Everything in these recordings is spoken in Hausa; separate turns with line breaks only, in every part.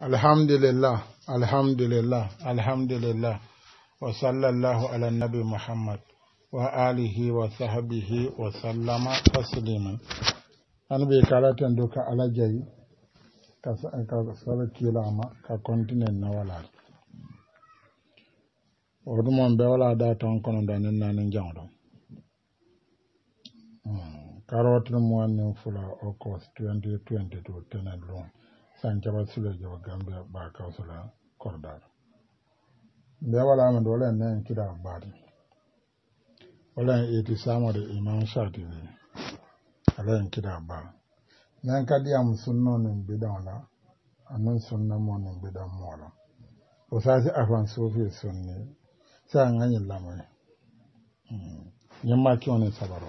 alhamdulillah alhamdulillah alhamdulillah wa sallallahu ala nabi muhammad wa alihi wa sahbihi wa sallama tasliman an bai karatun doka alajayi ka sarki lama ka kontinen na wala odumon be wala da ton kono da nan nan jawdo hmm, karotin mu wannan fula o cost 2022 tenan loan sankeɓa sulejowo gambe ɓa kawsula kordar nde walama ne olen nen kiɗa baade olen iti samode imam shatibi alayen kiɗa ba nen kadi yam sunno ne biɗon la anin sunna mo ne biɗon mola o sasi afan sufi sunni sa gañillamoy hmm. ñimma kiwni sabaro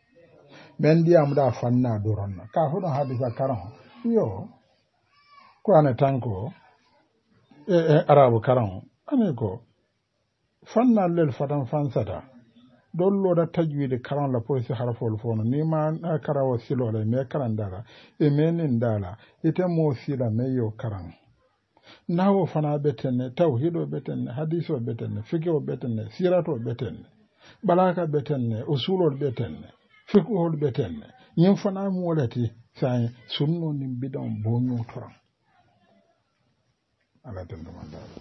ɓen ndiyam ɗa fanna duron ka hono hadisa karan o yo kurane tanko e, e arabu karan o ko fanna lel fatan fansata dollo da tajwide karan la po si harafol fono nima karawo le me karan dala e menin dala ite mo sila me yo karan nawo fana betenne tawhido betenne hadiso betenne figewo betenne sirato betenne ɓalaka betenne usulol betenne fiqohoɗo betel ne yin fana mu waɗati sayi sunno nin biɗon bo ñotoran ala tendumandaɗo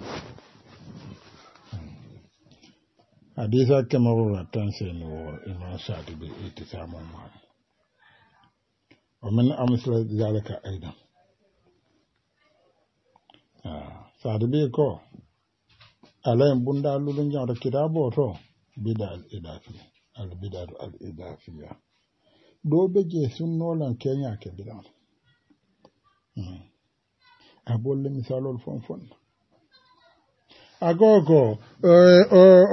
hadisa kemarora tan seni wo iman sati be itisamol maɗa ومن أمثل ذلك أيضا saadabi ko alayen bunda lulun jawta kitabo to bida al ilafi albidar al'idafiya do be nolan Kenya ke bidan hmm. a bolle misalol fon fonna agogo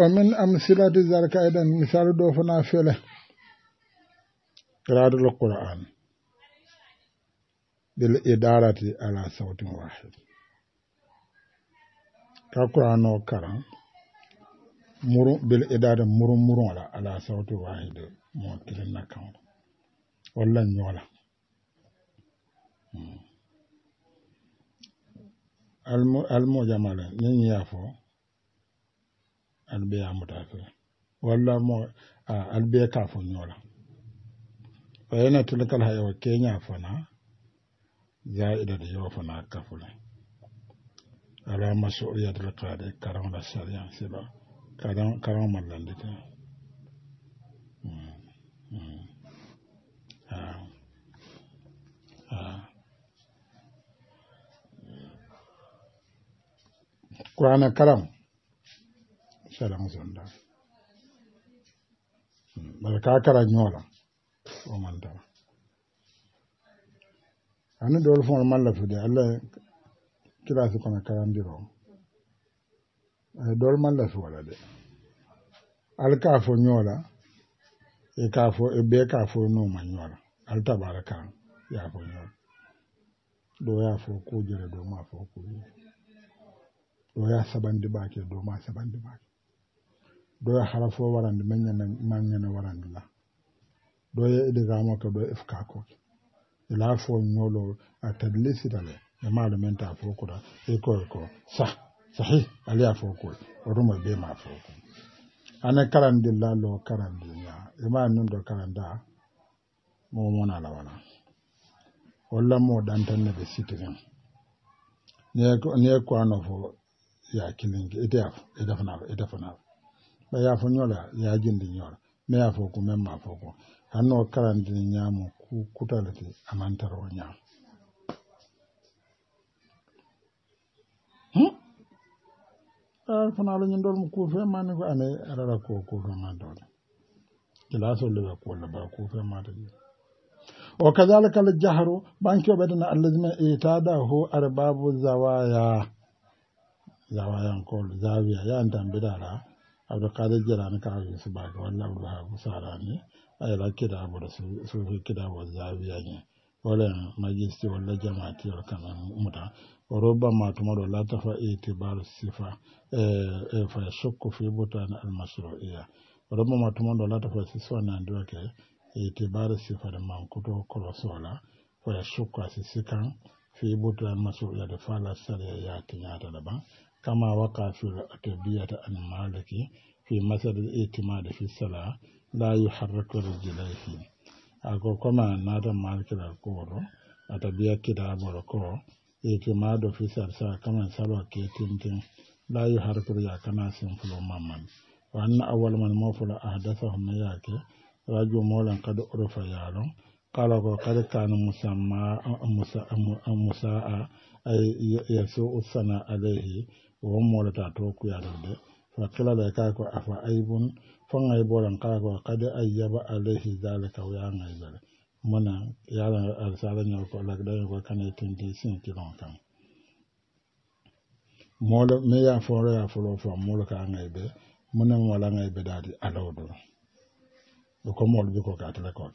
omin amsilati zarka idan misal dofa na fele radul qur'an bil idarati ala sautin wahid ka qur'an o karan muru bel edade muru muru ala ala sawtu wahide mo kirin na kan walla nyola almo hmm. almo jamale ni ya fo albe ya mutafe walla mo albe ka fo nyola wa yana tulkal hayo kenya fo na zaida da yo fo na kafule ala masuriyat al qadi karam al sharia sibah karaŋo maŋ laŋ dita kurana karaŋo shalaŋo sonda bari hmm, ka kara ñoo la wo maŋ tara aniŋ doolu alla ye kilaasi kono karandiroo Eh, dolmalla suwala de alkaafo ñoola e kaafo e bee kaafo nooma ñoola al tabaraka yaafo ñoola ɗo yaafo kujere do ma fo ku ɗo ya sabandi baake do ma sabandi baake ɗo ya hara fo warandi mañana warandi la ɗo ya idigamo ke ɗo efkakoke ila fo ñoolo a tadlisita le e maalo menta fo kura e koye ko sa sahi aliya fo ko oɗuma be ma fo ko ana karandilla lo karandiya ima nun ɗo karanda momon la wala walla mo ɗantanne ɓe sitirin ni ko ano fo ya kilinge edefanaf ɓa ya fo ñola yajindi ñola mais ya fo ko men ma fo ko hanno karandini ñaamo ku kutalete amantaro ñaam an fana ala ñindol mo kuufe mani ko ane arara ko kuufe ma dole ila solle ɓe kuolle ba kuufe mata ɗi o kadalika al jahru bankeɓedena allahima itada ho arbabu zawaya zawayankol zawiya yani tambiɗara abdoulkadir jelani ka yusubaka la kida sarani ayla kidaboɗo kida kidabo zawiya ñe wala majisti walla jamatiyol kanan muta وربما تمر لا تفى اعتبار الصفة فيشك في بطلان المشروعية وربما تمر لا تفى الصفة ناندوك اعتبار الصفة لما كتو كرسولا فيشك أسسكا في بطلان المشروعية فعل السرية ياتي لبا كما وقع في الأتبية عن مالك في مثل الاعتماد في الصلاة لا يحرك رجليه أقول كما نادى مالك الكورو أتبية كتابه ma do fi sarsa kama saba ke tintin layi harkar ya kana sin fulo mamman wannan awal man mafula a hadasa hunna ya ke rajo molan kada urfa yaron kala ko kada kan musamma musa'a ya so usana alaihi wa mola ta to ku ya dole fa kila da ka ko afa aibun fon bolan kala ko kada ayyaba alaihi zalika wa ya ngai muna yaran alfaran yau ko lagdan ko kan yakin da sin ki don kan mola me ya foro ya foro fo mola ka ngai be muna mola ngai be dadi alawdo ko ko mola bi ko ka tala ko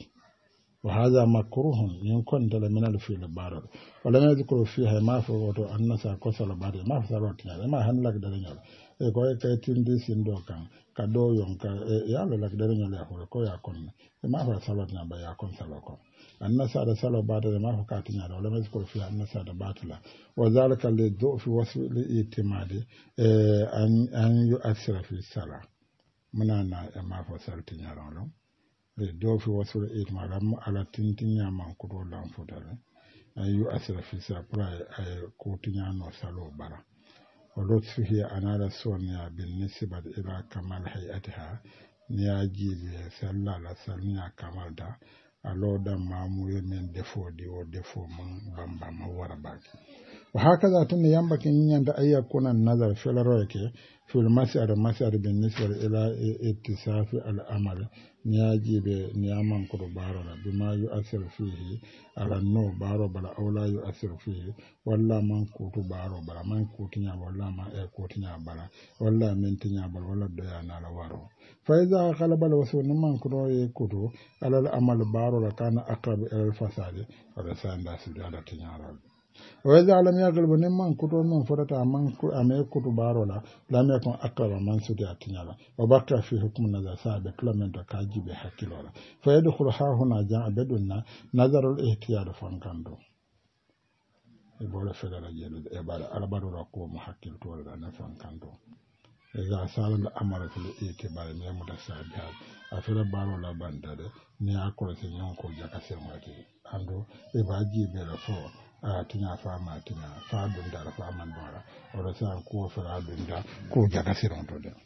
wa hadha makruhun yan kun dala min al fi al bar wa lam yadhkuru fiha ma fa wato annasa kosala bar ma fa rot na ma han lagdan yau e ko e tindi sindo kan ka do yon ka e yalo la kidare nyole ya hore ko ya kon e ma fa sabat na ba ya kon salo ko anna sa da salo ba da ma fa ka tinya da ulama ko fi anna sa da batula wa zalika li dhu'fi wasu li itimadi e an an yu asra fi sala muna na e ma fa sal tinya da lo li dhu'fi wasfi li itimadi am ala ya man ko do lan an yu asra fi sala pra ko ya no salo bara ولطفه أنال السونيا بالنسبة إلى كمال هيئتها نياجيزي سلا لسلميا كمال دا ألو دا مامو يمين دفو ديو دفو من بامبام ورباكي wa haka za tun da yan bakin yin yanta ayyakunan nazar filarwar ke fil masu yadda masu yadda bin nisar ila a e, e, ita safi al'amal ni ya ji da ni ya manku da barara bi ma yi asir fihi a rannu barobar aula yi asir fihi walla man kotu barobar man kotu ya walla ma ya eh, kotu ya bara walla minti ya bar walla da ya na lawaro fai za a wasu wani man kuro ya yi kudu e alal'amal barora ka na akwai alfasari a da sa da su jadar tun wa idha lam yaghlib ne man kuto min furata man ame kutu baro la lam yakun aqraba man sudi atinyala wa bakka fi hukm nazar sabe klamen to kaji be hakkilo la fa yadkhulu ha huna ja'a bedunna nazar al ihtiyar fankando e bole fedara jelo e bara albaru ra ko mu hakkil to la na fankando ga sarar amara fil ite bare me mu da sabi a fira baro la bandade ni akoro se ko jaka se mwati ando e baji be la fo tiña fama tiña fa dunda ara faman ɗora oɗo ko kuwo fera dunda ko jaga sironto ɗen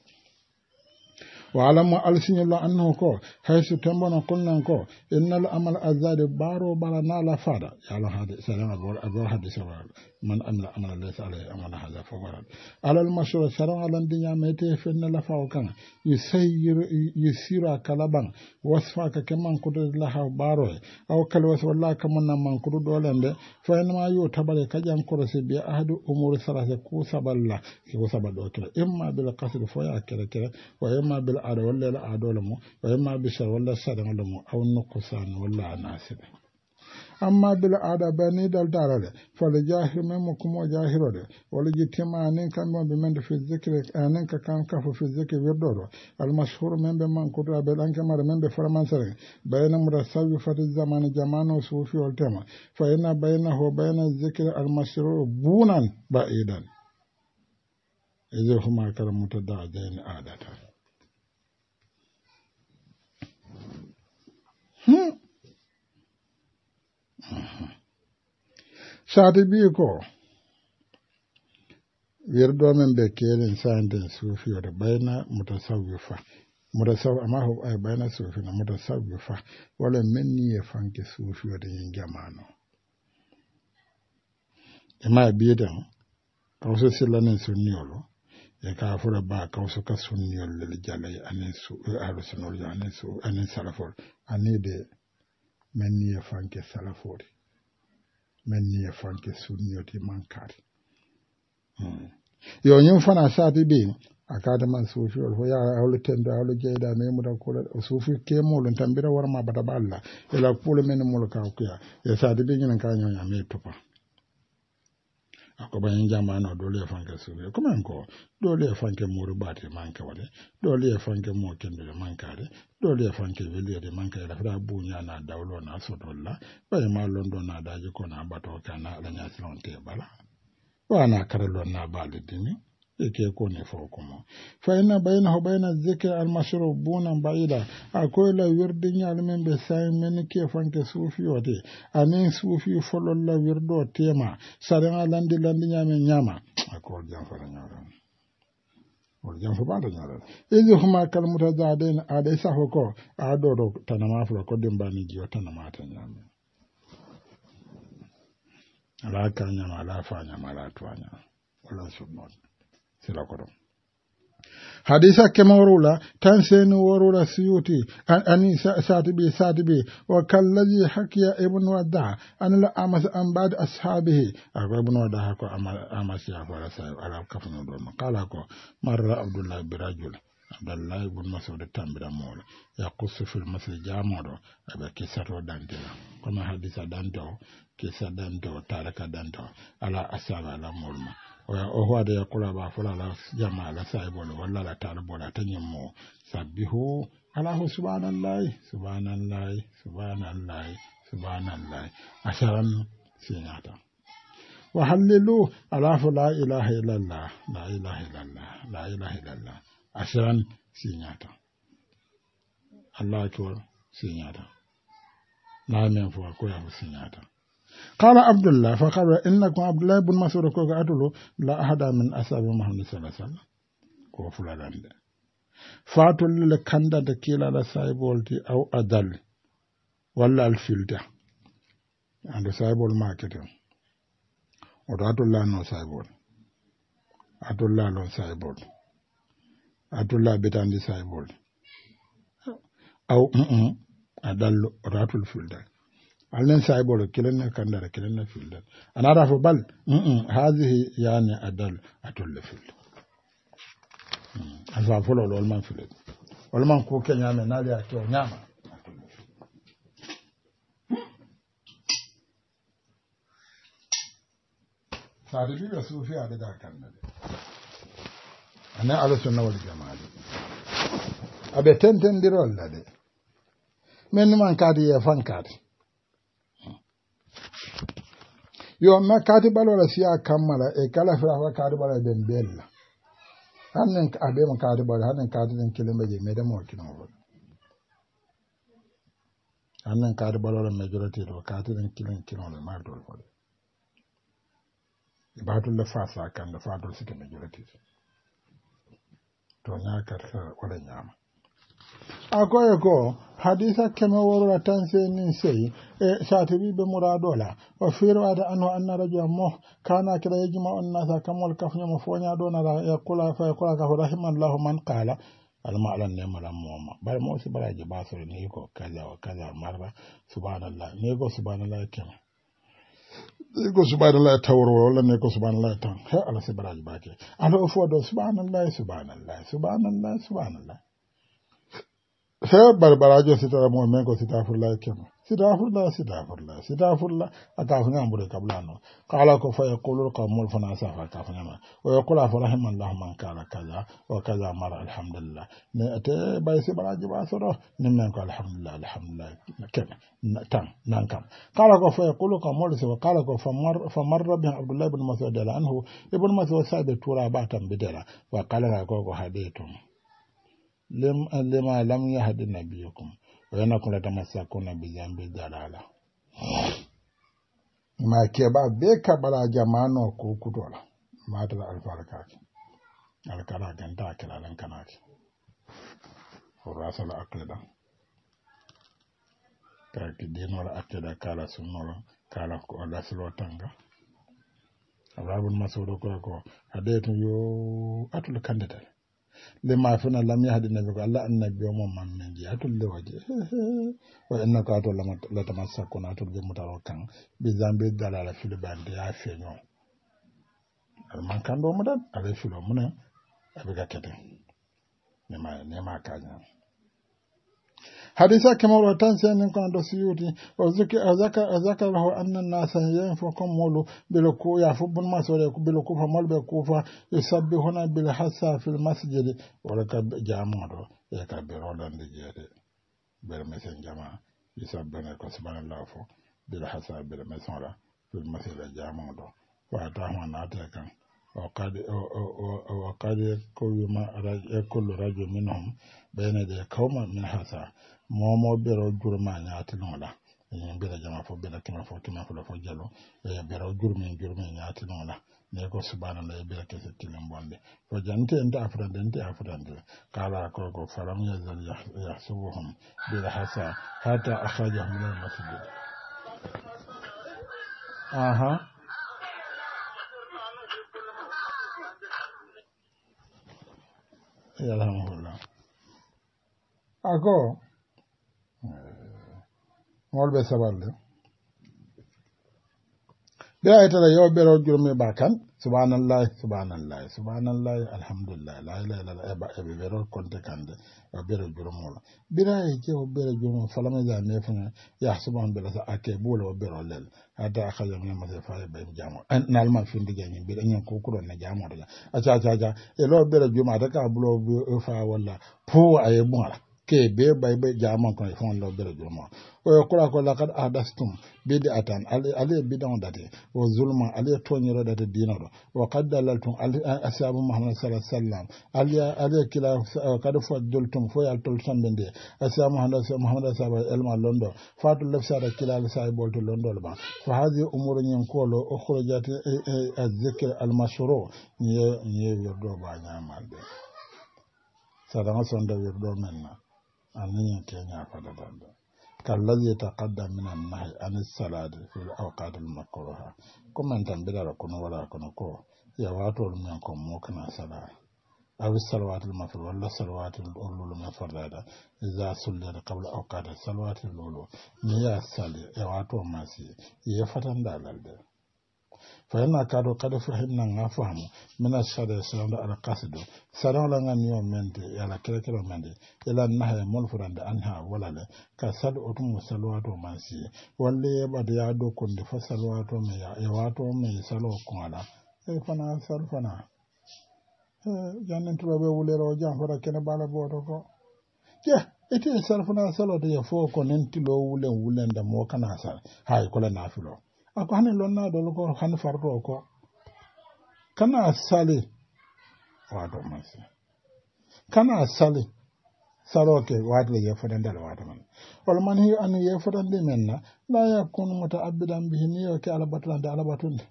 walamo alsiñillo annahu ko hayso tembono konnan ko innal amal azade baro bara nala fada yalo hade sarana gol agol hade sarana man amila amala laysa alayhi amala hada fo waran alal mashura sarana alan dinya mete fenna la faw kan yusayyiru yusira kalaban wasfa ka keman kudu laha baro aw kal wasfa la kamanna man kudu dolembe fa inma yo tabare kajan korose bi ahadu umur sarase ku saballa ku sabado kira imma bil qasd fo ya kira kira wa imma bil aɗa walla la aadole mum o imma bisar walla saɗaŋole mum aw nokku sani walla a nasiɗe amma bila aada banidal darale fole jahir men mo kumo jahirode wala jittima anin kamɓe on ɓe mende fi zicre eh, anin ka kan kafo fi zicre wirdoɗo almashhur men ɓe mankotoa ɓe ɗankemare men ɓe faramansere bayna muta sawi fati zamane jamane o suufiol tema fa ina bayna ho bayna zicre almashrur buunan ba idan ejehuma kara mutadda a jayni aadata Hmm. sati biyu ko wirɗomen ɓe kelen sanden suufiyode bayna mutasawwi fa mutasaw amma ho ay eh, bayna suufina mutasawwi fa wala menni ye fanke suufiyode yin jamano ema biyetan kawso sillanen sunniyolo e ka fula ba kawso ka sunniyol lel jalay anin su aɗo sunol anin su anin salafol anide men niye fanke salafori men niye fanke sunniyoti mankari hmm. yo ñin fana sati ɓe a kadaman sufiol fo ya hawlo tendo hawlo jeyda no yimuda kuula o suufi kemolum tambira warma bata ba allah ela kuula men mol kakuya e sadi ɓe ñinen ka ñoña mi tupa akobañen jamano doole e fanke suure commen ko doole e fanke muuru baate manke wale doole e fanke mo kendude mankade doole e fanke weliyede manke e lafata buñana dawlo na sotolla ɓaye ma londo na daji kona bato kana alañasiron te bala na karelo na bali dimi ikekone fokumo fa inna baynahu bayna dhikri almashrubuna baida akoyla wirde ñalmen ɓe saymen ke fanke suufiyote anin suufi fololla wirdo tema saɗaa landi landi ñamen ñama akol janfata ñoran wol janfo ɓaata ñoran idi huma kalmutadaden aɗa safo ko aɗo ɗo tanama fulo kodde mbani jiyo tanamata ñamen ala kañama ala fañama ala toañama wala sumnoto sila koto hadisa kema worula tan seni worula siyuti ani satibi satibi wa kallazi hakiya ibnu wadda an la amas an ba'd ashabihi akwai ibnu wadda ko amas ya fara sai ala kafinu do makala ko marra abdullah bi rajul abdullah ibn mas'ud tambira mola yaqussu fil masjid jamodo abe kisato dantela kuma hadisa danto kisa danto taraka danto ala asaba ala mulma o hoade yakkula ba fola e ala jamma ala sahibol walla ala taalubol ata ñimmo sabbihu alahu subhanallahi subhanallahi subhanallahi subhanallahi asaran siñata wa hallilu alafu la ilaha illallah la ilaha illallah la ilaha illallah asiran siñata allah col siñata men fo koyafo siñata قال عبد الله فقال إنكم عبد الله بن مسعود كوكا أتلو لا أحد من أصحاب محمد صلى الله عليه وسلم ko fulalan de fatollile kandata kiilala saybolti aw adal walla al filta ande saybol maketen oto atollano saybol atollalo saybol atolla betandi saybol aw a dallo oto filta alnen saybolo kilenna kandara kilenna fildan anara fo bal hadhihi yani adal atolle fildo asa folo lol man fildo wol man ko ke nyame nali a to nyama sade bi be sufi ada da kannade ana ala sunna wal jamaa abe tentendirol lade men man kadi e fankade yo na kati balola siya kammala e kala firafa kati bala den bella hannen abema kati bala hannen kati den kilimbe je mede mo kino wol hannen kati balola majority do kati den kilin kino le mardol wol ibatul la fasa kan da fadol sike majority to nya karta wala nyama agoyogo hadisa kemo woro watanse ni sei e satibi be murado la o firwa da anu anna rajo mo kana kira yajma on nasa kamol kaf nyamo fonya do na e kula fa e kula ka rahiman lahu man qala al ma'lan ni mala moma bal mo si balaji basri ni ko kaza wa kaza marba subhanallah ni go subhanallah kema ni ko subhanallah tawro wala ni ko subhanallah tan he ala si balaji bake ala o fodo subhanallah subhanallah subhanallah subhanallah hew barbarajo sitara mumen ko sitafullahi kema sitafurla sitafurla sitafurla akafuñambude kabla no kala ko fa yaqulu lqawmul fana safa kafuñama o yaqulu afa rahimallahu man kala kaza wa kaza mara alhamdulillah ne ate bay sibaraji ba soto ne men ko alhamdulillah alhamdulillah kene tan nan kam kala ko fa yaqulu qawmul safa kala ko fa marra bi abdullah ibn mas'ud anhu ibn mas'ud sabe tura ba tan bidela wa kala ko ko hadithun lima lam yahdi nabiyakum wa yanakum latamasakuna bijambi dalala ma ba be ka jama'a jamano ko kutola matala alfaala kake alkala ganta kilalen kanake horasala akliɗa kaki dinola akliɗa kala sunnola kala ko lasilo tanga ababul masudo koy ko adeyetum yo atul kandital lima fana lam yahdi nabi ko allah annabi o mum man men jiya tulle waje wa inna ka to la tamassakuna tulle mutaro kan bi zambe dalala fili bande ya feño aɗa man kanɗo muɗan aɗa filo munen aɓe ne ma nema kañan hadisa kan tan senin wa ɗo azaka azaka zakarahu anna nasa yenfo kon mulu belo ku ya fubbun masore belo kufa mol ɓe kufa yusabbihuna bil hasa fil masjid wa ka jamu ya ka beroɗandi jere bere mesen jama yusabbina ko subhanallah fu bil hassa bele mesora fil ta ma na ta kan ra'a kullu rajul minhum bayna يدي قوما min hasa. momo ɓero jurma ñaati noɗa emin mbira jama fof mbira kima fof kima jalo e, ne ko e kese bonde jante ente afrande ente afrande kala ko ko hasa hata min aha ako moolu be sabarle ɓe a yitara kan subhanallahi subhanallahi alhamdulillah la ilaha illallah konte kande o e ke o falama ja ne fana ya subahan bela sa ake o lel hada aka yamlamase fa e ɓayim jamo nalma findigeñin mbiɗa ñin kukuɗon ne jamotoja acacaca e lo ka bulo fa po ke be baybe jaman kono fon lobbere julma oyo kura ko lakad adastum bidi atan ali e bidan date o zulma ali e toñiro date dinoro o kad dalaltum asabu muhammad sallallahu alaihi wasallam ali ali e kila kad dultum fo yal tol sambe nde asabu muhammad sallallahu muhammad sahaba elma londo fatul lef sada kila al sai bolto londo ba fa hadi umuru nyen kolo o khurajat az-zikr al-mashru ye ye wirdo ba nyamalbe sadama sonda wirdo menna أمين عفد فددد كالذي يتقدم من النهي عن الصلاة في الأوقات المكروهة كما أنت بلا كن ولا كن كو يواتو منكم موكنا صلاة أو الصلوات المفروض ولا الصلوات الأولو المفروضة إذا سلد قبل أوقات الصلوات الأولو نيا الصلاة يواتو ماسي يفتن دالالده fa yanna kaɗo kada fo hinna ga faamu mina sada salamdo ala kasido sadaola ga niyo mende e ala kerekero mende ela nahaye mol furande an ha walale ka sad otumo salwato man si walle yeɓade ya do konde fo salwato me e wato me salo kongala e fana sal fana jannen tubaɓe wulero jan fota kene bala boto ko ƴe ete sal fana salo de ye fo ko nentilo wulen wulenda mo kana sal hay kola nafilo ako hani lonna dolo ko hani fardo ko kana sale wato masi kana sale saroke watle da ala wata man wal man hi anu fadan men na la yakunu muta'abbidan bihi ni yoke alabatulande kaza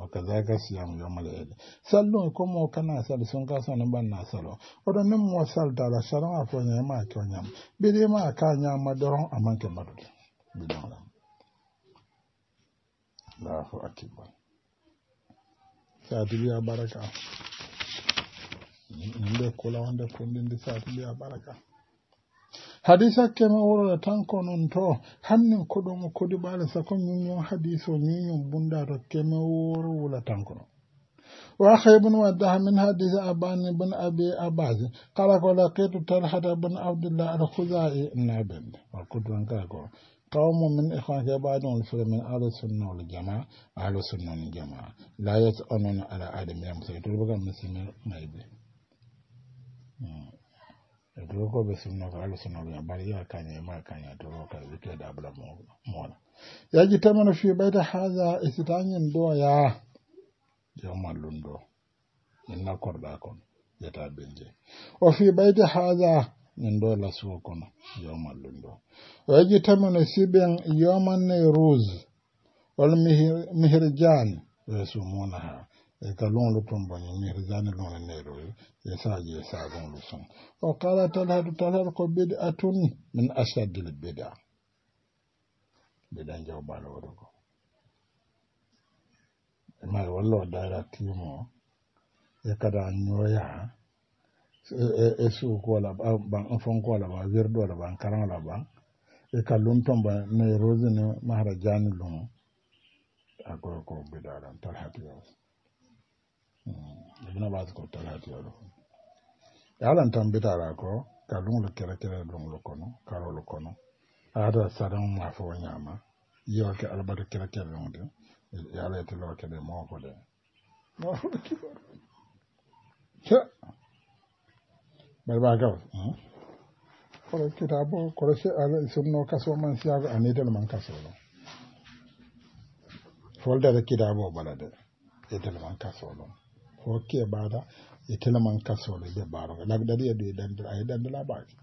o kazaka ya yomal yadda. sallo ko mo kana sal sun ka sanan ban na salo odo nan mo sal dala sharan afo ma ko nyam de ma ka nyam doron amanke madude bidan Allahu akibar. Sai a dubiya baraka. Inda kula wanda kundin da sai a dubiya baraka. Hadisa ke ma wuri da tankon nto, hannun kudin kudi ba da sakon yunyon hadiso yunyon bunda da ke ma wuri wula tankon. Wa khaybun wa daha min hadisa abani bin abi abazi, kala ko laqaitu talhata bin abdullahi al-khuzai na bin. Wa kudin kala قوم من إخوانك بعضهم الفر من أهل السنة والجماعة أهل السنة والجماعة لا يسألون على آدم يا مسلم تقول بقى مسلم ما يبي تقول بقى بسم الله أهل السنة والجماعة بل يا كان يا ما كان يا تقول بقى بكرة أبلا مولا يجي تمن في بيت هذا استدان دو يا يوم اللندو إن كرداكم يتابعين وفي بيت هذا nin ɗo lasuwo kono yomallum ɗo o yaji tamino siɓen yomanne rose wol mihirjani e sumuna ha e ka lunlu tun boni mihirjani e lunlu ne rose e saji e sagunlu son o kala talhadu talhadu ko bidi atun min asaddil bida biɗa jawbalo waɗo ko e mari walla o dara timo e kada ñoya e suukola ban fonkola ba wirdola ban la ban e ka lumtomba ne rosi ne mahara jani luŋo akoyo ko bidaɗan talhatiyol hmm, ibna ɓaati ko talhatiyol e alan tan bitaɗa ko ka luŋlo kere kere luŋlo kono karolo kono aata sadaŋo ma fo ñama yewoke alabata kere kere luŋo de e, e ala yetiloo kede mofo de mofo kibar kita melba gaw kono kitabo kono sunno kaso man siyago anitel man kaso lo kita kitabo bala de etel man kaso lo fo ke bada etel man kaso lo be baro labdari e de dandira ay dandira baaki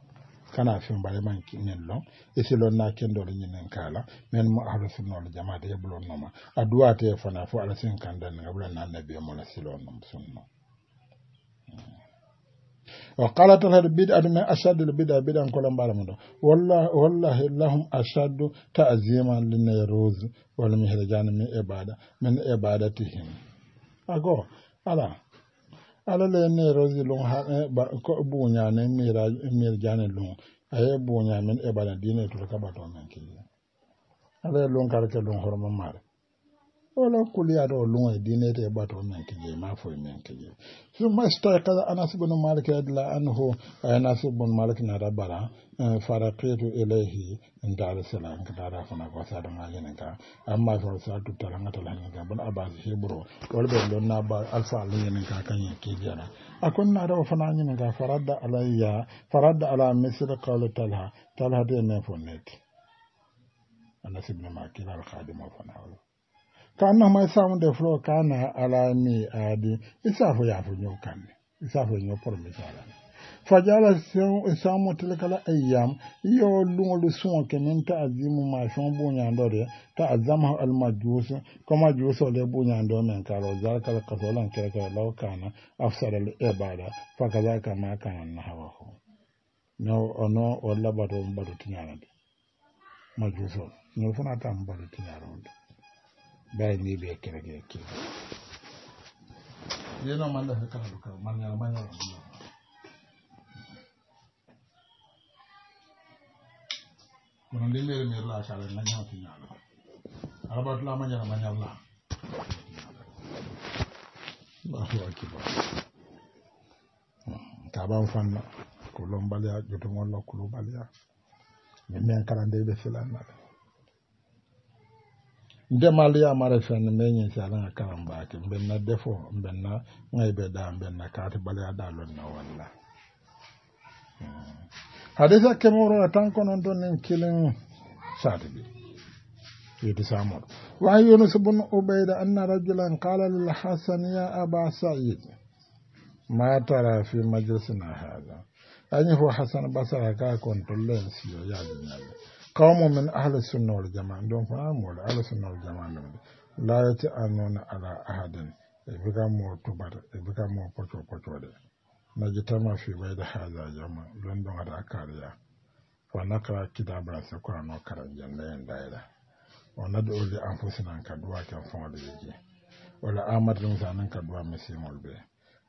kana fin bare man kinen lon e silon na ni ñinen kala men mu ahlu sunnol jamaata yeɓulon noma a duwate fana fo ala sin kandan nga ɓulan na annabi mo la silon nom sunno wa qala tal bid'a ashadu ashaddu al bid'a bid'an kolam balam do wallahi wallahi lahum ashaddu ta'zima lin nayruz wal mihrajan min ibada min ibadatihim ago ala ala le nayruz lon ha ko bunya ne miraj mirjan lon aye bunya min ibada dine to ka bato nan ki ala lon kar ke lon hormon mare wala kuliya do luŋoye dinete te ɓato men kije ma foye men kije summa istaykaza anas bnu malik adla anhu anas bnu malik nata bara eh, farakitu ilayhi ntaara sala nkataara fana ko saata ŋa hene ka amma fo saatu tala ŋa tala hene ka bon abas hebro wala ɓe lon na ba alfa ala hene ka kañe kijana akon na naata o fana ñene ka faradda alayya faradda ala misre qawle talha talha te men fo neti anas bnu malik ilal khadima fana wala ka nna ma isa mu de flo ka na ala mi adi isa fo ya fo nyo kan isa fo nyo por mi sala fajala sen isa mu tele kala ayyam yo lungo lu sun ke ta azimu ma shon bunya ndore ta azama al majus kuma juso le bunya ndo men kalo kala kasolan kere kala law kana afsal al ibada fa kadaka ma kana nahawahu no ono walla bato mbaɗo tiñarade majusol ñoo fana ta mbaɗo tiñarode bayindi ɓe kerege keɓe yeno mandata kala ɗo kala mañala mañala kono ndellere mirla kala mañamati ñaala alabatula mañala mañalla allahu akibar kaban fanna ko lombaliya jotugol lokkulu baliya min min kala nde ɓe filannale ndemali ya mara fɛn mɛ ɲin ala ka kalan baa kɛ n na defo n na n ka bɛ da n bɛ na kaati baliya da lɔ na wala hmm. hadisa kɛmɛ wɔɔrɔ tan kɔnɔntɔn ni kelen saati bi wa yunus bin ubayda anna rajulan qala lil hasan ya aba sa'id ma tara fi majlisina hada an yi hasan basara ka kontollen siyo ya kawo min ahalar sunnawar jama'a don kuma mu da ahalar sunnawar jama'a nan da la ya ci a nuna ala ahadin ibuka mu tubar ibuka mu kwato kwato da na ji ta mafi bai da haza jama don don hada kariya fa na kara kida ba sai kura no karan janna yan daida wannan da ozi an fusi nan kaduwa kan fon da yake wala amad rin zanin kaduwa mai sai mulbe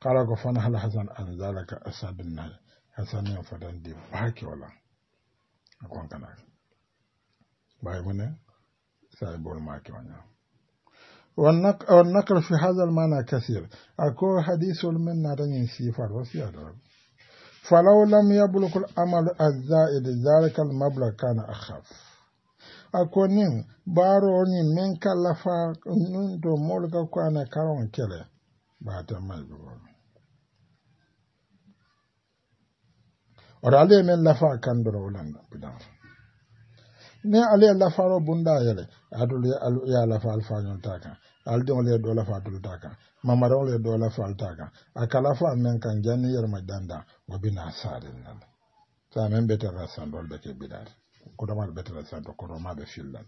kala ko fa na hal hasan an zalaka asadun nan hasan ya fadan da baki wala akwai kanar باي من بول ماكي وانا والنقل في هذا المعنى كثير أكو حديث من سي سيفر وسيادة فلو لم يبلغ الأمل الزائد ذلك المبلغ كان أخف akonin baro ni min kallafa nun to molga kwana karon kele ba ta mai gobe ora men lafa kan dora wulan bidan ne ala ye lafaro bunda a yele adul ya lafa alfa nyon takan aldenw le do lafa ta kan, mamarenw le do lafa ta kan. a kala fa men kan janni dan danda o bina sare nan sa men bete rasan dol bete bidar ko do mal bete rasan do ko do ma be fillan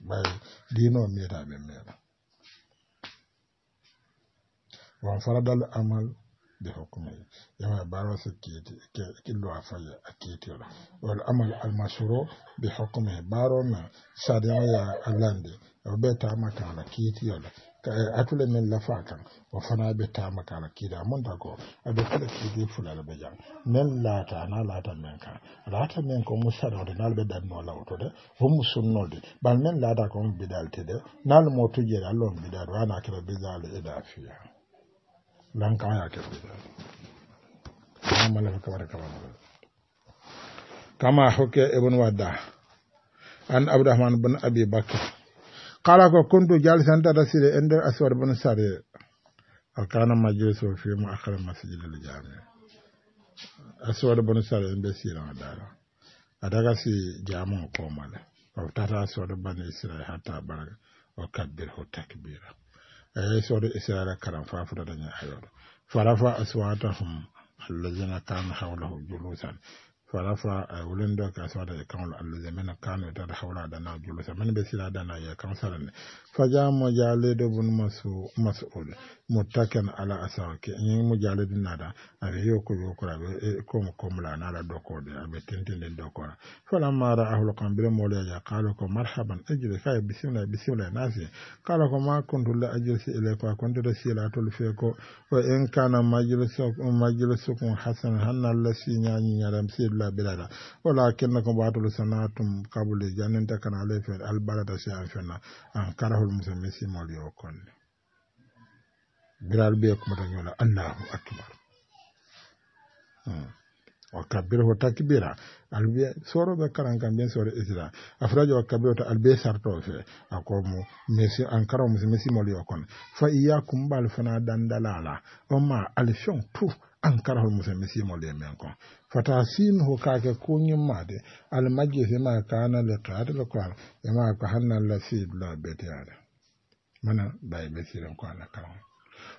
bay dino meta be mera wan faradal amal da hukumai yawa bar wasu kilo a fayya a ketiyar wal amal almasuro da hukumai baro na sadaya a alande a bai ta maka na ketiyar a atule min lafakan wa fana bai ta maka na kida mun da ko a bai kada ke bai fula da bayan min lata na lata min ka lata min ko musa da n'a albe da nola wato da ko musu nola ban min lata ko mu bidal te da nan motu jira lon bidal wa na kira bidal e da idafiya. lankaya ke amala ka wara ka wara kama hokke ibn wada an abdurrahman bin abi bakr qala ko kuntu jalisan da rasile en aswar bin sare akana majlisu fi mu'akhkhar masjid al jami aswar bin sare en sira dara adaga si jamu ko mala o tata aswar bin sare hatta bar o kabbir ho ay eh, sodo israila karam fa fuda dañi ayoɗo farafa aswatahum allazina kanu hawlahu julusan farafa ay eh, wulendo ka aswata e kawlo allazina mena kanu tata hawla dana julusan men ɓe sila dana masu mas'ud muttakan ala asawake in mujalidin na da abe yi ku yi kura abe komu komula na da doko da abe tintindin dokora falan mara ahul kambirin mole ya kalo ko marhaban ajiri kai bisimila bisimila nasi kalo ko ma kuntulla ajiri si ile ko kuntu da si latul fe ko ko in kana majalisukun hasan hannan la si nyaani nyaram si la bilada wala kenna ko batul sanatum kabul janin takana laifin albarata si an fenna an karahul musamman si mole yo konne diral ɓe kumata ñoola allahu akbar o kabbir ho takbira albe soroɓe karan kam ɓen sore isra afraji o kabbir to albe sarto fe akomo mesi an kara musi mesimol yo kon fa iyakum ɓal fana dandalala on ma alfion tout an kara hol musi mesimol ye men kon fata sin ho kake ko ñimmade almajji sema kana le taade le koala ema ko hannan la fiidula bete ada mana baye ɓe siren ko ala karan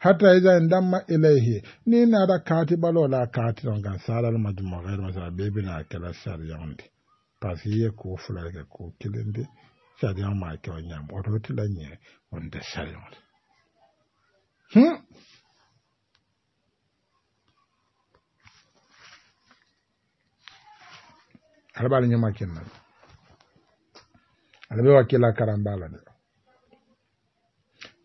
hatta iza ma ilayhi ni na da nara katibalo la katiron gan saral majuma gayr masala bebina kela sariyandi parce que ye ko fulake ko kilindi sariyan ma kewa ñam oto tila ñe wonde sariyonde hmm? alaɓaala ñamakinnaɗe alaɓe wakkila karambala de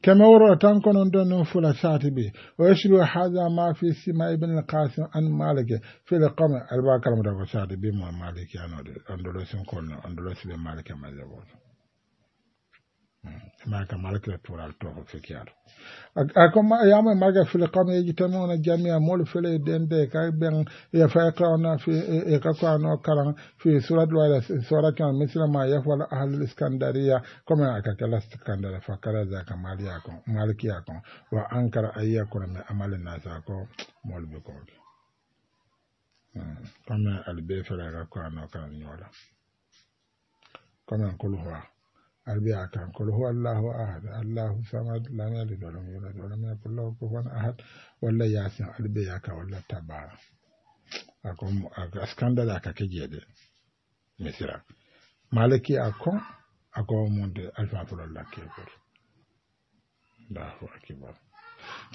كمور أتانكون أندون فلا ساتبي ويشلو هذا ما في سما ابن القاسم عن مالك في القوم الباكر مدرسات بما مالك يعني أندلس كون أندلس بمالك مذهبه maka malakila tural toko fekiyaɗo ako yama maga fili kam yeji tami wona jamia mol fele dende ka ɓen e fa kawna fi e ka kawno karan fi suratul wala surati on misilama yafwal ahlul skandaria comme aka kala skandara fa kala zaka maliya kon kon wa ankara ayya kono mi amale nasa ko mol bi koke comme albe fele ka kawno karan ñoola comme arbiya kan kul huwa allahu ahad allahu samad lam yalid wa lam yulad wa lam yakul lahu kufuwan ahad walla yasin arbiya ka walla tabara akon skandal aka kejeɗe misira maliki akon ako monde alfafulol Da allahu akbar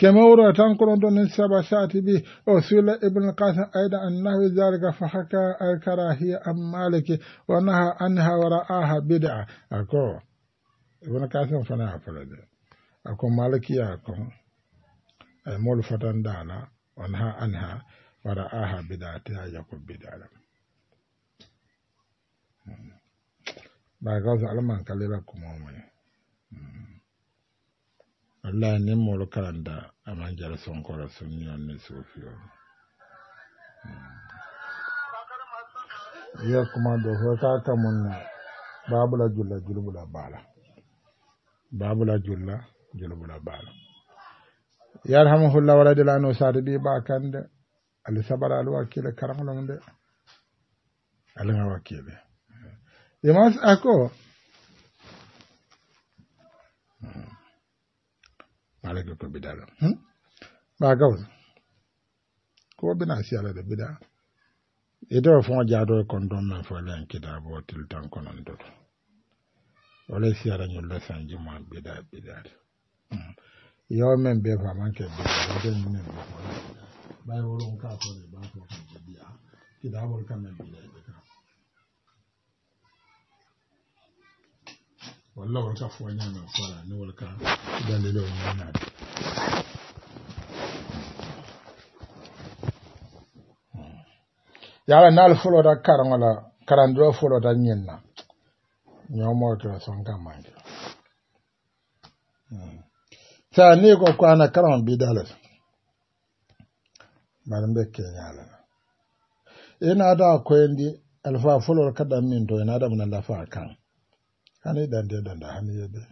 kama wuro tan ko don nan saba sati bi o sula ibn na hafala de ako maliki ya ko ay mol fatan dana wa naha anha wa ra'aha bid'a ta ya ko bid'a hmm. ba kalira kuma ne wallahi nin moolu karanta aman jara sonkora sunniyon ni suufiyo iya kuma do hota ta munna babula julla julbula bala babula julla julbula bala yarhamuhullah wala dila no sadi ɗi ɓa kande ali sabara ali wakkile karamalom de alaga wakkile imas ako mm-hmm. malaki to bidala hmm? ba gawul ko bina siyala e da bida ito fon jado kon don na fo len kida bo til tan konon to wala siyala nyol la sanji ma bida bida hmm. yo men be fa man ke bida yi men be fa bay wolon ka fo le ba ko bida kida wol kan bida e lawan ka fo nya na fo ni wala ka dan de lawan na yala nal folo da karangola karandro folo da hmm. ni ko ko ana karan bi dalas maran be kenyala ina da ko endi alfa folo kada min to ina da mun lafa kan hani dande dande hani yede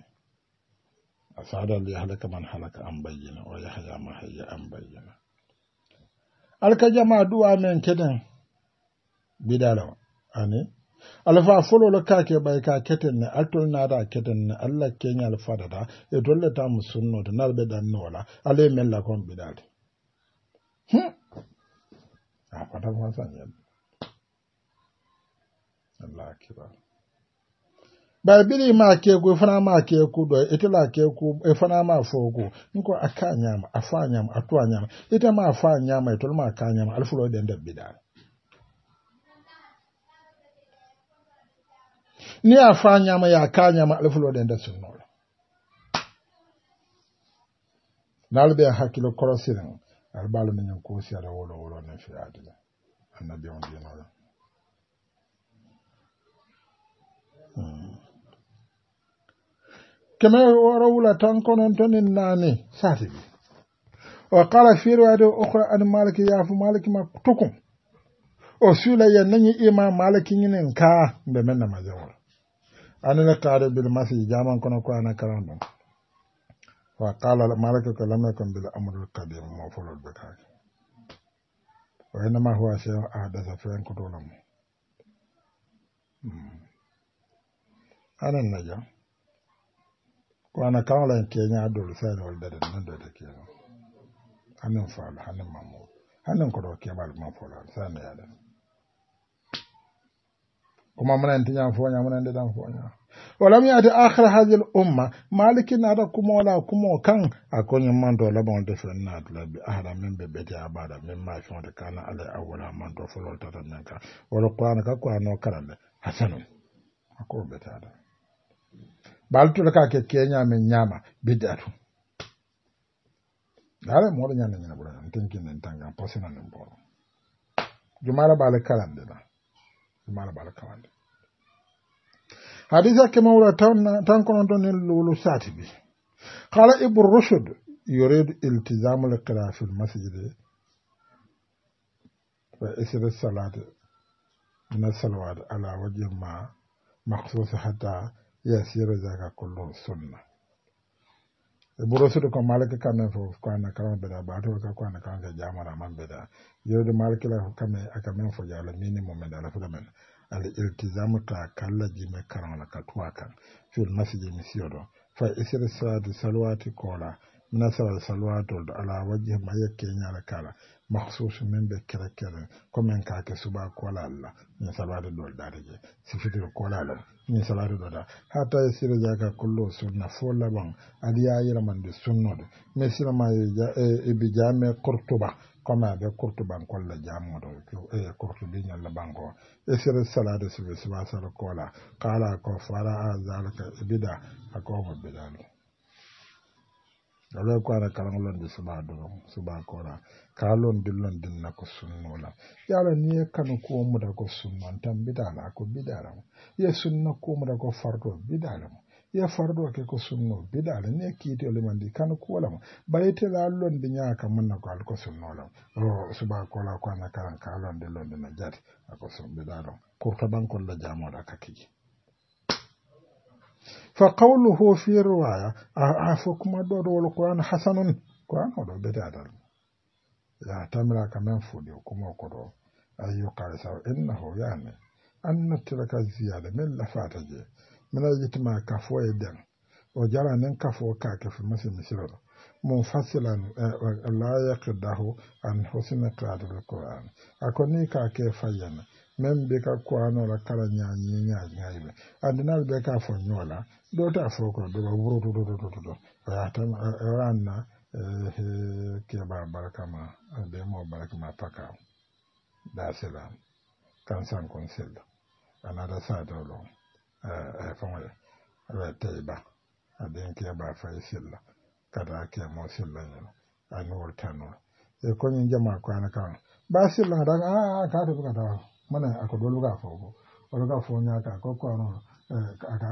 asada li halaka man halaka an bayyana wa haya ma haya an bayyana alka jama du'a men keden bidala ani alfa folo lo kake bai ka keten ne altol na da keten ne allah nya alfa da da e dole ta musunno da nalbe dan la ale men la kon bidala hm a ah, fata kuma san ya Allah akbar baibili ma keku ifana ma keku do itila keku ifana ma foku nko akanyama afanyama atwanyama ita ma afanyama itol ma akanyama alfulo dende bidala ni afanyama ya akanyama alfulo dende sunnola nalbe hakilo korosirin albalu min kusi ala wolo wolo ne fi adila annabi on dinola Hmm. كما ورولا تنكون تنين ناني ساتي وقال في رواية أخرى أن مالك يعفو مالك ما تكون وسولا ينني إمام مالك ينين كا بمنا ما زور أنا نكار بالمسي جامع كنا كنا كرام وقال مالك لم يكن بالأمر القديم مفروض بكاك وإنما هو شيء أحدث فين كتولم أنا النجاح wani wana ya keña dol da wadda da nan dede keño hannun faalo hannun mammo hanin koto keɓal ma folal sane yada kuma munen yi foña munen fonya foña walam yaati akhira hadil umma maliki na kuma wala kuma kan a koñimmanto laɓonde fen naatula bi ahara min ɓe ta a da min ma feŋote kana ala awwala manto ta ta min ka wala qur'ana ka ko ano a hasanum ako ɓetaɗa baltol ka ke keñamen ñama biddatu ala moɗo ñande ñana ɓuran tenkinen tangan pasinanen booro jumala baale kalande ɗa jumala baale kalande hadise hakke mawra tan konon ton nen lowlu sati bi kala ibnu rushd yuridu iltisamu lqira fi lmasjidi wa isri salati min alsalawat ala wajhin ma maksusa hatta yasirujaga kullu sunna burosuru ko malaki kame fo ko ana kala beda bato ka ko ana kala jamara man beda yodo malaki la kame aka men fo jala mini mo men ala fudamen al iltizam ta kala jime karan la ka tuwa kan fil masjid misiyodo fa isir sadu salawati kola minasara salawatu ala wajhi ma yakke nyala kala mahsusu min ɓe kere kere commin kake suba kola la min salatu ɗol data je la kolal min salatu ɗoɗa hatta e sira jaka kollo sunna fo laban adi ya yiramande sunnoɗo mi sirama ebi jame courtuba comme aɓe courtubankolla jamoɗo courtubiñalla banko e sira salatu sibi suba sara kola kala ko fara a zalika e bida akomo bidalu aloy ko ara karaŋolonde suba doron suba kora kalon dillon na ko Ya la ni ye kanu kuwo muta ko sunno tan bidala ko bidalamo ye sunna kuwo muta ko fardo bidalamo ye fardo ke ko sunno bidala ki ye le mandi kanu kuwolamo bayitela londe ñaka na ko al ko la o suba kola ko na karan kalon dillon na jati ko sun ban ko la jamoɗa kakiji فقوله في الرواية أعافكم الدور والقرآن حسن قرآن هو بدادر يعتمر كمان فوديكم وقرآن أي يقال إنه يعني أن نترك الزيادة من لفاتجي من الجتماع كفو يدن وجرى أن كفو كاك في مثل مثل منفصلا لا يقده عن حسن قراءة القرآن أكوني كاك فينا من بك قرآن ولا كلا نيا نيا نيا أدنال بك فنيولا dota foko daga wuro to to to to ranna ke ba baraka e ah, ma be mo baraka ma paka da sela kan san kon sela anada sa to eh fon wala ala tayba aden ke ba fa sela kada ke mo sela ne anur tanur e ko nyin jama ko an kan ba sela da a ka to ka mana fo fo nya ka ko ko no Eh, aka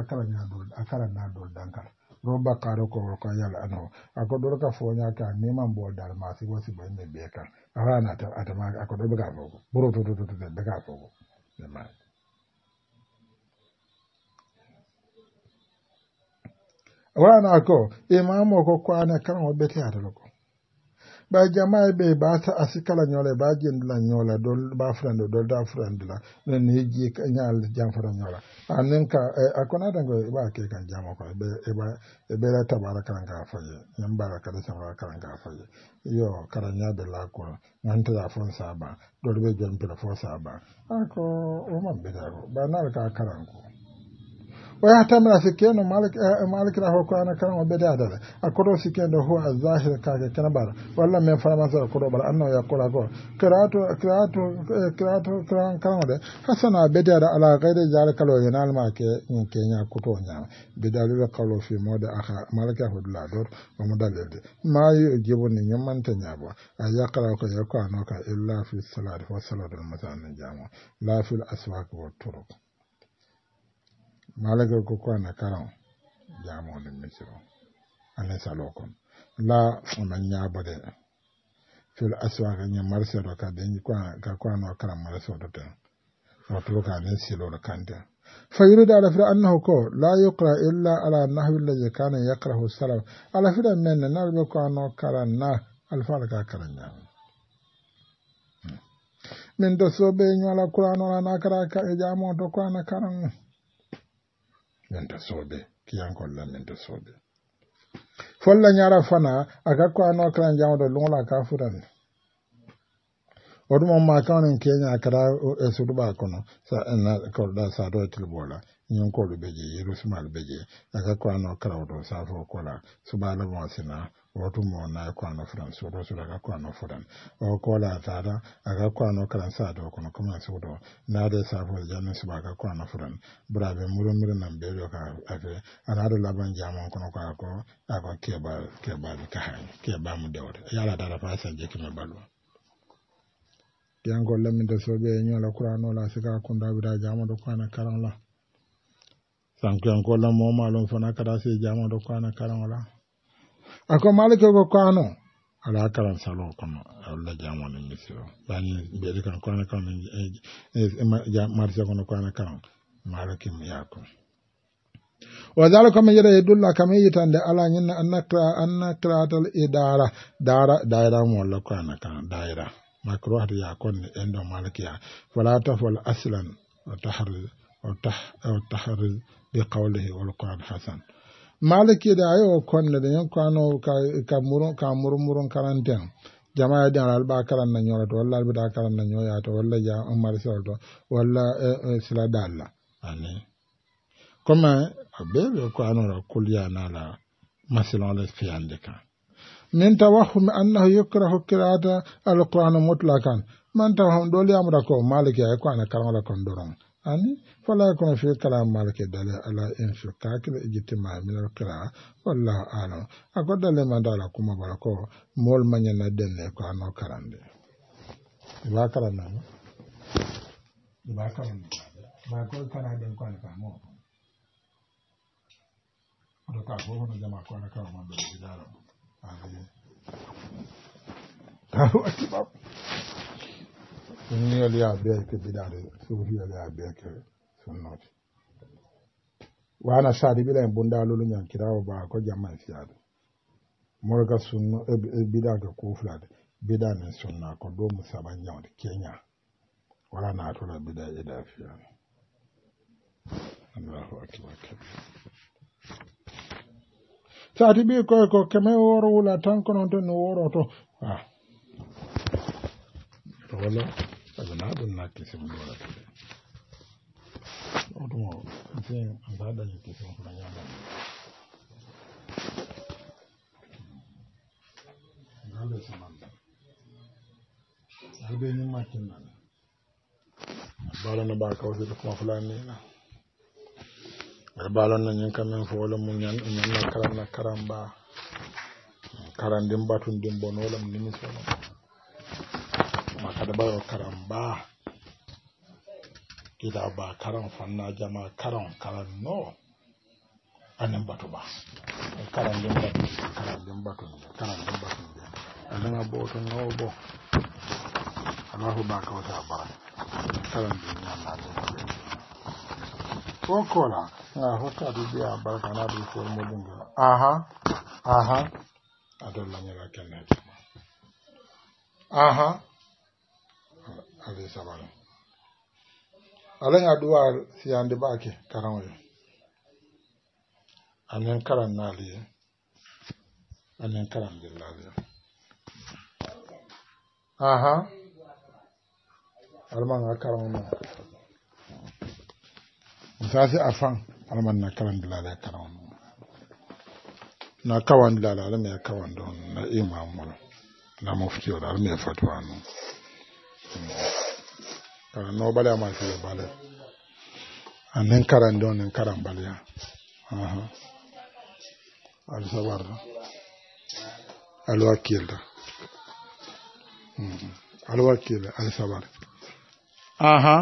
akara na dol dankal roba karo ko ko yal ano ako dol ka fonya ka ni man bo dal ma si wasi ban ne be kan arana ta atama ako dol ka fo buru to to to de ka fo ne ma wana ko imamo ko kwana kan obete atalo ko ba jama'a ɓe bata asi kala ñola ba jendula ñola dol ba fulande dol da fulandula ɗon ne jii ñal janfata ñola anen ka a e, konatango ɓa e ke kan jama koy ɓe ɓeela e tabara karanka faye ñam bara kada sabara karanka faye yo kara ñaɓe lakol gantaya fon saba ɗol ɓe jompira fo o ako oman ɓetako ba nal ka ko. o yahtamira sikkeno malikira eh, ho kurana karan o ɓede adata a koto sikkendo ho a zahir kake kene ɓaɗa walla min fanamansa a koto ɓaɗa annawo yakkola ko kirato kirato eh, kirato kiran karan ode hasana ɓede aɗa ala gayde jare kalo yenalma ke ñin keña koto ñama bidalila kalo fi mode aha malikira hodula dot omo dalilde ma jibo ni ñammante ñabo a kala ko yakko ano ka illa fi salati fo salatul musanna jamo la fil aswaki wa turuk maalaga koko ana karaw jaamo ni misiro ana salo kon la ona ya de fil aswa ga nya marse do ka den ko ga ko ana kara marse do de o to ka ne silo do kanta fa yurida ala fir annahu ko la yuqra illa ala nahwi alladhi kana yaqrahu salaw ala fir men na do ko ana kara na al falaka kara nya hmm. min do sobe nyala kurano na kara ka e jaamo do ko ana karan minta sobe kiyankolla minta sobe folla ñara fana aka ko ano kalan jamoɗo lugola ka futan oɗum on ma kawnen keña kata e sutuɓa kono koɗa sato tilbola ñinkolu ɓe je yerusumal ɓe je aka ko ano karawto safo kola suɓalago sina wotu mona kwano furan sodo sura ga kwano furan o kola tada aga kwano karan sa do kono kuma sodo na da safo jamin su ba ga kwano furan brabe murun murun nan be do ka afe ana do laban jamon kono ka ko ako keba keba ka ha keba mu dawde yala dara fa san je kima balu yango laminde sobe nyola kurano la sika kunda bida jamado kwana karan la sankuyan ko la mo malum fana kada se jamado kwana karan la ako malike ko kano ala karan salo kono Allah jamo ni misi o bani beri kan e, e, kono kono ja marse kono kono kono malike mi yako wa zalo kama yira yedulla kama e yitande ala nyina anakra anakra tal idara dara daira mo la kono kono daira makro hadi yakon ni endo malike ya wala tafal aslan wa tahriz wa tahriz bi qawlihi wal qur'an hasan maliki da ayo konne da yon kano ka ka murun ka murun murun karanten jama'a da alba karan na nyora to wallahi da karan na nyoya to wallahi ya umar sai to walla eh, eh, sila dalla ani kuma abebe ko ra kulya na la masalon la fiyande kan min tawahhum annahu yukrahu qira'ata alquran mutlaqan man tawahhum dole amra ko maliki ay ko ana karan la kon doron ani fala kono fi kalam malake dale ala infukakila ijitima minal kira wallahu alam ako dale ma dala kuma bara ko mol mañana denne ko ano karande iba karanda no iba karanda ba ko kana den ko ana kamo odo ka ko hono jama ko ana kamo be dara amin Allahu akbar sunniyal ya bee ke bidaade suufiyal ya bee wana saadi bila ya bundalolu ñan kirawo baa ko jamma e morga sunno e bida nen sunna ko domu saba wala bida e allahu akbar ko woro wula tan to no woro to ah. sagana ɗum na kisi bulorata de ɗoɗumo sen anta dañi kisin fula ñaman ngale samanda albe ñim makkinnane balona ba kawsito kuma fulanina ɓe balonna ñin kamen fo wala mu ñanna karanna karan ba karandin batundin bonolam nimisolom kadbar karamba ida ba karan fanna jama karan karan no batu ba karan din batu karan din batu karan din batu anan aboto no bo Allahu ba ka wata karan din ah, ya na da ko kola na hota biya ba ka na ko aha a adalla ne aha alay sabala alaga duwa siyande baake karaŋoyo anin karan naaliye anan karan billaaliye aha alman karaŋo ma misasi a fan, alman na karan billaali a na kawan dilala mai ya kawan don na imamul na muftiyo da alama ya fatuwa nun kana nobaliya ma fiye baliya anin karan don aha da alwakil aha